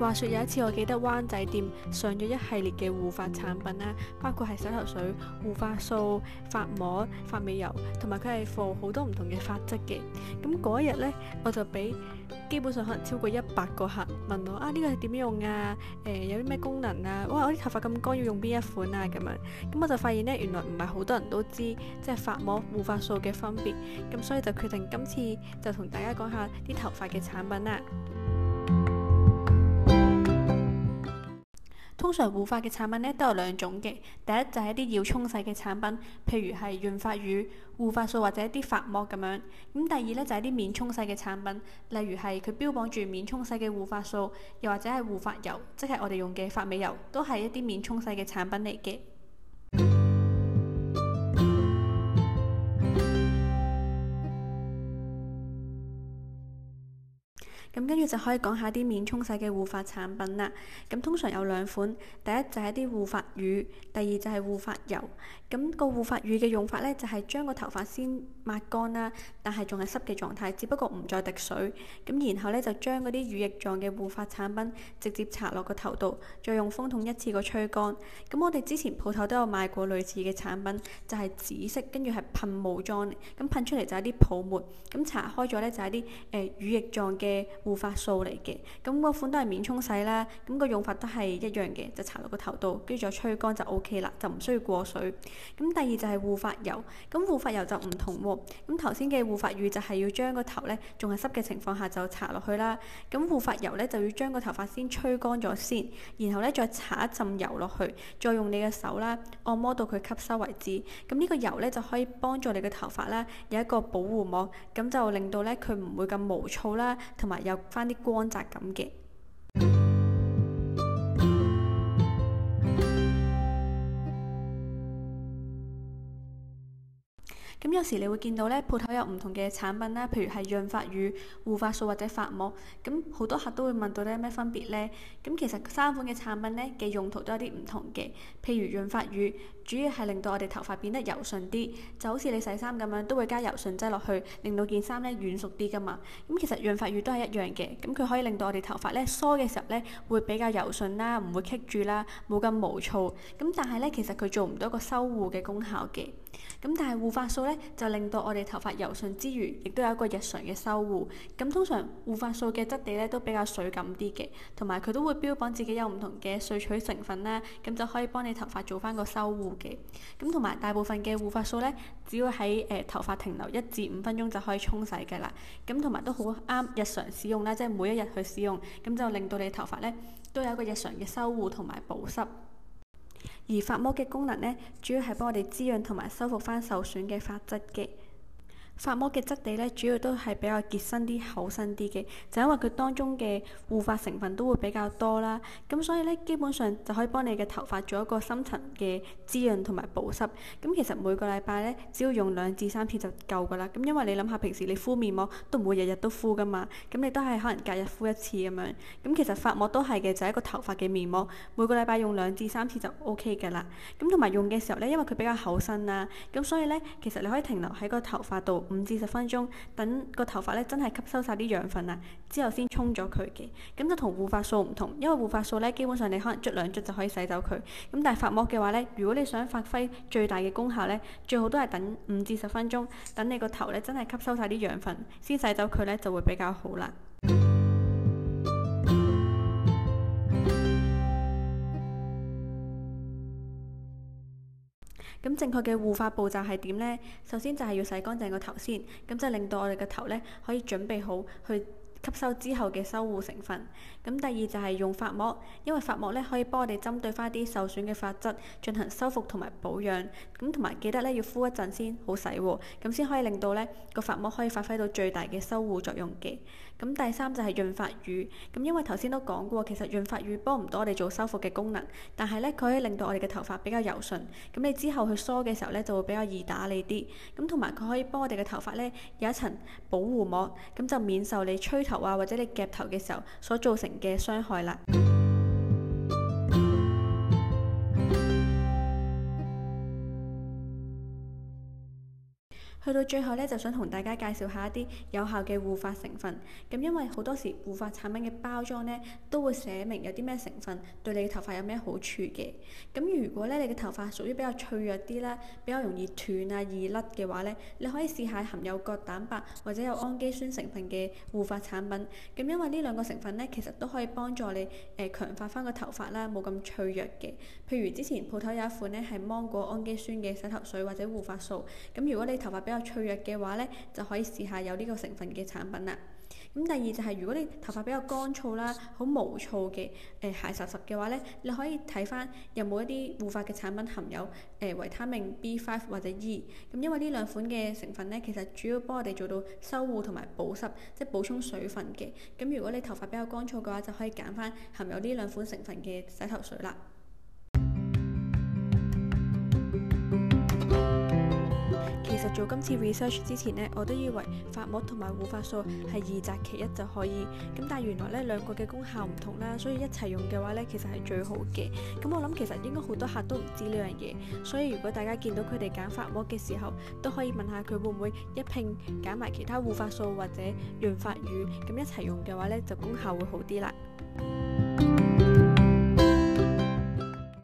話説有一次，我記得灣仔店上咗一系列嘅護髮產品啦，包括係洗頭水、護髮素、髮膜、髮尾油，同埋佢係附好多唔同嘅髮質嘅。咁嗰一日呢，我就俾基本上可能超過一百個客問我啊，呢個係點用啊？誒、呃，有啲咩功能啊？哇，我啲頭髮咁乾，要用邊一款啊？咁樣，咁我就發現呢，原來唔係好多人都知即係髮膜、護髮素嘅分別。咁所以就決定今次就同大家講下啲頭髮嘅產品啦。通常護髮嘅產品咧都有兩種嘅，第一就係一啲要沖洗嘅產品，譬如係潤髮乳、護髮素或者一啲髮膜咁樣。咁第二咧就係啲免沖洗嘅產品，例如係佢標榜住免沖洗嘅護髮素，又或者係護髮油，即係我哋用嘅髮尾油，都係一啲免沖洗嘅產品嚟嘅。咁跟住就可以講下啲免沖洗嘅護髮產品啦。咁通常有兩款，第一就係啲護髮乳，第二就係護髮油。咁個護髮乳嘅用法呢，就係將個頭髮先抹乾啦，但係仲係濕嘅狀態，只不過唔再滴水。咁然後呢，就將嗰啲乳液狀嘅護髮產品直接搽落個頭度，再用風筒一次過吹乾。咁我哋之前鋪頭都有賣過類似嘅產品，就係、是、紫色，跟住係噴霧狀，咁噴出嚟就係啲泡沫，咁搽開咗呢，就係啲乳液狀嘅護髮素嚟嘅，咁個款都係免沖洗啦，咁個用法都係一樣嘅，就搽落個頭度，跟住再吹乾就 OK 啦，就唔需要過水。咁第二就係護髮油，咁護髮油就唔同喎。咁頭先嘅護髮乳就係要將個頭呢，仲係濕嘅情況下就搽落去啦，咁護髮油呢，就要將個頭髮先吹乾咗先，然後呢，再搽一浸油落去，再用你嘅手啦按摩到佢吸收為止。咁呢個油呢，就可以幫助你嘅頭髮啦有一個保護膜，咁就令到呢，佢唔會咁毛躁啦，同埋有有翻啲光澤感嘅。咁有時你會見到咧，鋪頭有唔同嘅產品啦，譬如係潤髮乳、護髮素或者髮膜。咁好多客都會問到咧，有咩分別呢？咁其實三款嘅產品咧嘅用途都有啲唔同嘅。譬如潤髮乳，主要係令到我哋頭髮變得柔順啲，就好似你洗衫咁樣，都會加柔順劑落去，令到件衫咧軟熟啲㗎嘛。咁其實潤髮乳都係一樣嘅，咁佢可以令到我哋頭髮咧梳嘅時候咧會比較柔順啦，唔會棘住啦，冇咁毛躁。咁但係咧，其實佢做唔到一個修護嘅功效嘅。咁但係護髮素咧，就令到我哋頭髮柔順之餘，亦都有一個日常嘅修護。咁通常護髮素嘅質地咧都比較水感啲嘅，同埋佢都會標榜自己有唔同嘅萃取成分啦，咁就可以幫你頭髮做翻個修護嘅。咁同埋大部分嘅護髮素咧，只要喺誒、呃、頭髮停留一至五分鐘就可以沖洗噶啦。咁同埋都好啱日常使用啦，即係每一日去使用，咁就令到你頭髮咧都有一個日常嘅修護同埋保濕。而髮膜嘅功能呢，主要係幫我哋滋養同埋修復翻受損嘅髮質嘅。髮膜嘅質地咧，主要都係比較結身啲、厚身啲嘅，就因為佢當中嘅護髮成分都會比較多啦，咁所以咧基本上就可以幫你嘅頭髮做一個深層嘅滋潤同埋保濕。咁其實每個禮拜咧，只要用兩至三次就夠噶啦。咁因為你諗下，平時你敷面膜都唔會日日都敷噶嘛，咁你都係可能隔日敷一次咁樣。咁其實髮膜都係嘅，就係一個頭髮嘅面膜。每個禮拜用兩至三次就 O K 噶啦。咁同埋用嘅時候咧，因為佢比較厚身啦，咁所以咧其實你可以停留喺個頭髮度。五至十分鐘，等個頭髮咧真係吸收晒啲養分啦，之後先沖咗佢嘅。咁就同護髮素唔同，因為護髮素咧基本上你可能捽兩捽就可以洗走佢。咁但係髮膜嘅話咧，如果你想發揮最大嘅功效咧，最好都係等五至十分鐘，等你個頭咧真係吸收晒啲養分，先洗走佢咧就會比較好啦。 咁正確嘅護髮步驟係點呢？首先就係要洗乾淨個頭先，咁就令到我哋個頭呢可以準備好去吸收之後嘅修護成分，咁第二就係用髮膜，因為髮膜咧可以幫我哋針對翻啲受損嘅髮質進行修復同埋保養，咁同埋記得咧要敷一陣先好洗喎，咁先可以令到咧個髮膜可以發揮到最大嘅修護作用嘅。咁第三就係潤髮乳，咁因為頭先都講過，其實潤髮乳幫唔到我哋做修復嘅功能，但係咧佢可以令到我哋嘅頭髮比較柔順，咁你之後去梳嘅時候咧就會比較易打理啲，咁同埋佢可以幫我哋嘅頭髮咧有一層保護膜，咁就免受你吹頭啊，或者你夾頭嘅時候所造成嘅傷害啦。去到最後咧，就想同大家介紹下一啲有效嘅護髮成分。咁、嗯、因為好多時護髮產品嘅包裝呢，都會寫明有啲咩成分對你嘅頭髮有咩好處嘅。咁、嗯、如果咧你嘅頭髮屬於比較脆弱啲啦，比較容易斷啊易甩嘅話呢，你可以試下含有角蛋白或者有氨基酸成分嘅護髮產品。咁、嗯、因為呢兩個成分呢，其實都可以幫助你誒呃、強化翻個頭髮啦，冇咁脆弱嘅。譬如之前鋪頭有一款呢，係芒果氨基酸嘅洗頭水或者護髮素。咁、嗯、如果你頭髮比較脆弱嘅話呢，就可以試下有呢個成分嘅產品啦。咁第二就係，如果你頭髮比較乾燥啦，好毛躁嘅，誒，鞋實實嘅話呢，你可以睇翻有冇一啲護髮嘅產品含有誒維他命 B5 或者 E。咁因為呢兩款嘅成分呢，其實主要幫我哋做到修護同埋保濕，即係補充水分嘅。咁如果你頭髮比較乾燥嘅話，就可以揀翻含有呢兩款成分嘅洗頭水啦。做今次 research 之前呢，我都以為髮膜同埋護髮素係二擇其一就可以，咁但係原來呢兩個嘅功效唔同啦，所以一齊用嘅話呢，其實係最好嘅。咁我諗其實應該好多客都唔知呢樣嘢，所以如果大家見到佢哋揀髮膜嘅時候，都可以問下佢會唔會一拼揀埋其他護髮素或者潤髮乳，咁一齊用嘅話呢，就功效會好啲啦。